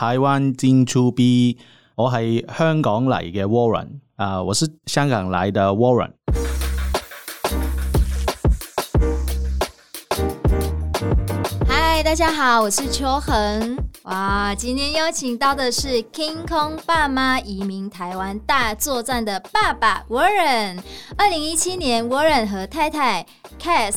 台灣真出 B，我係香港嚟嘅 Warren 啊，我是香港嚟嘅 Warren, Warren。Hi，大家好，我是秋恆。哇，今天邀請到的是 King Kong 爸媽移民台灣大作戰的爸爸 Warren。二零一七年，Warren 和太太 Cass。